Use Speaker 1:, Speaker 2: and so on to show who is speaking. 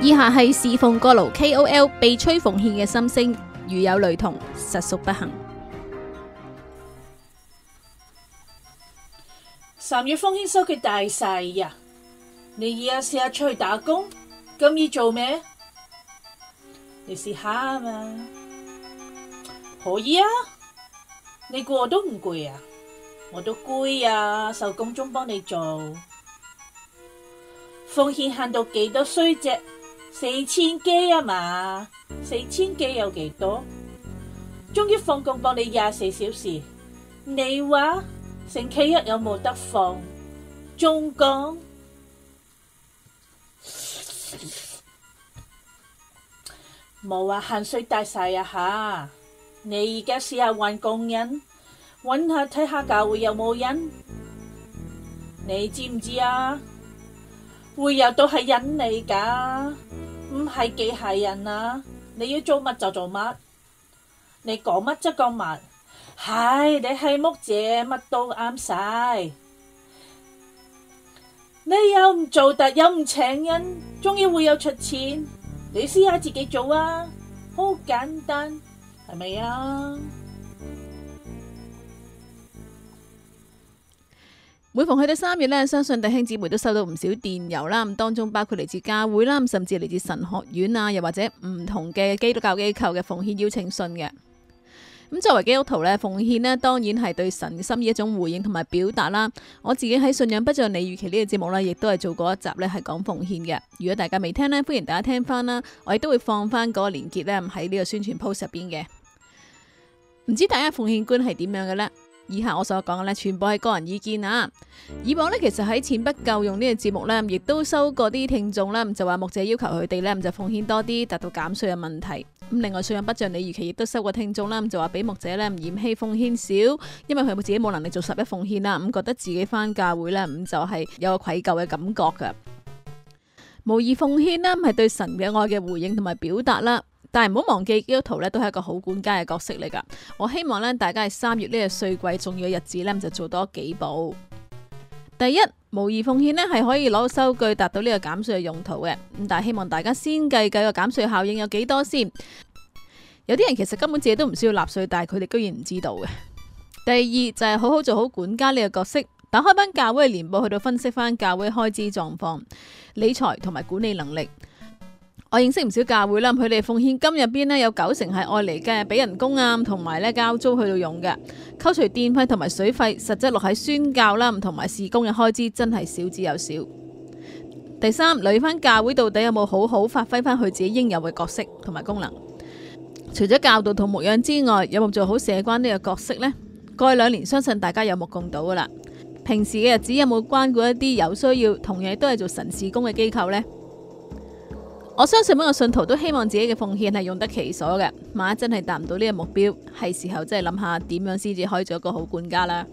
Speaker 1: 以下係侍奉過勞 KOL 被催奉獻嘅心聲，如有雷同，實屬不幸。
Speaker 2: 三月奉獻收佢大細呀！你依家先出去打工，咁易做咩？你試下嘛，可以啊？你過都唔攰啊？我都攰啊，收工中幫你做奉獻，慳到幾多衰啫？四千幾啊嘛，四千幾有幾多？終於放工幫你廿四小時，你話星期一有冇得放？中工？冇話限水大晒啊吓！你而家試下揾工人，揾下睇下教會有冇人，你知唔知啊？會有都係忍你噶，唔係機械人啊！你要做乜就做乜，你講乜即講乜，係你係木姐乜都啱晒。你又唔做得又唔請人，終於會有出錢。你試下自己做啊，好簡單，係咪啊？
Speaker 1: 每逢去到三月呢，相信弟兄姊妹都收到唔少電郵啦，咁當中包括嚟自教會啦，甚至嚟自神學院啊，又或者唔同嘅基督教機構嘅奉獻邀請信嘅。咁作為基督徒呢，奉獻呢當然係對神心嘅一種回應同埋表達啦。我自己喺《信仰不像你預期》呢，這個節目呢，亦都係做過一集呢係講奉獻嘅。如果大家未聽呢，歡迎大家聽翻啦，我亦都會放翻嗰個連結呢，喺呢個宣傳 post 入邊嘅。唔知大家奉獻觀係點樣嘅呢？以下我所講嘅咧，全部係個人意見啊！以往咧，其實喺錢不夠用呢個節目咧，亦都收過啲聽眾啦，咁就話牧者要求佢哋咧，咁就奉獻多啲，達到減稅嘅問題。咁另外，信心不盡，你預期亦都收過聽眾啦，咁就話俾牧者咧嫌棄奉獻少，因為佢自己冇能力做十一奉獻啦，咁覺得自己翻教會咧，咁就係有愧疚嘅感覺嘅。無意奉獻啦，係對神嘅愛嘅回應同埋表達啦。但係唔好忘記基督徒咧都係一個好管家嘅角色嚟噶，我希望咧大家喺三月呢個稅季重要嘅日子咧，就做多幾步。第一，無疑奉獻呢係可以攞收據達到呢個減稅嘅用途嘅，咁但係希望大家先計計個減稅效應有幾多先。有啲人其實根本自己都唔需要納稅，但係佢哋居然唔知道嘅。第二就係、是、好好做好管家呢個角色，打開班教會嘅年報去到分析翻教會開支狀況、理財同埋管理能力。我認識唔少教會啦，佢哋奉獻金入邊呢，有九成係愛嚟嘅，俾人工啊，同埋咧交租去到用嘅，扣除電費同埋水費，實質落喺宣教啦，同埋事工嘅開支真係少之又少。第三，留意返教會到底有冇好好發揮翻佢自己應有嘅角色同埋功能？除咗教導同牧養之外，有冇做好社關呢個角色呢？過去兩年，相信大家有目共睹噶啦。平時嘅日子有冇關顧一啲有需要，同樣都係做神事工嘅機構呢？我相信每個信徒都希望自己嘅奉獻係用得其所嘅，萬一真係達唔到呢個目標，係時候真係諗下點樣先至可以做一個好管家啦。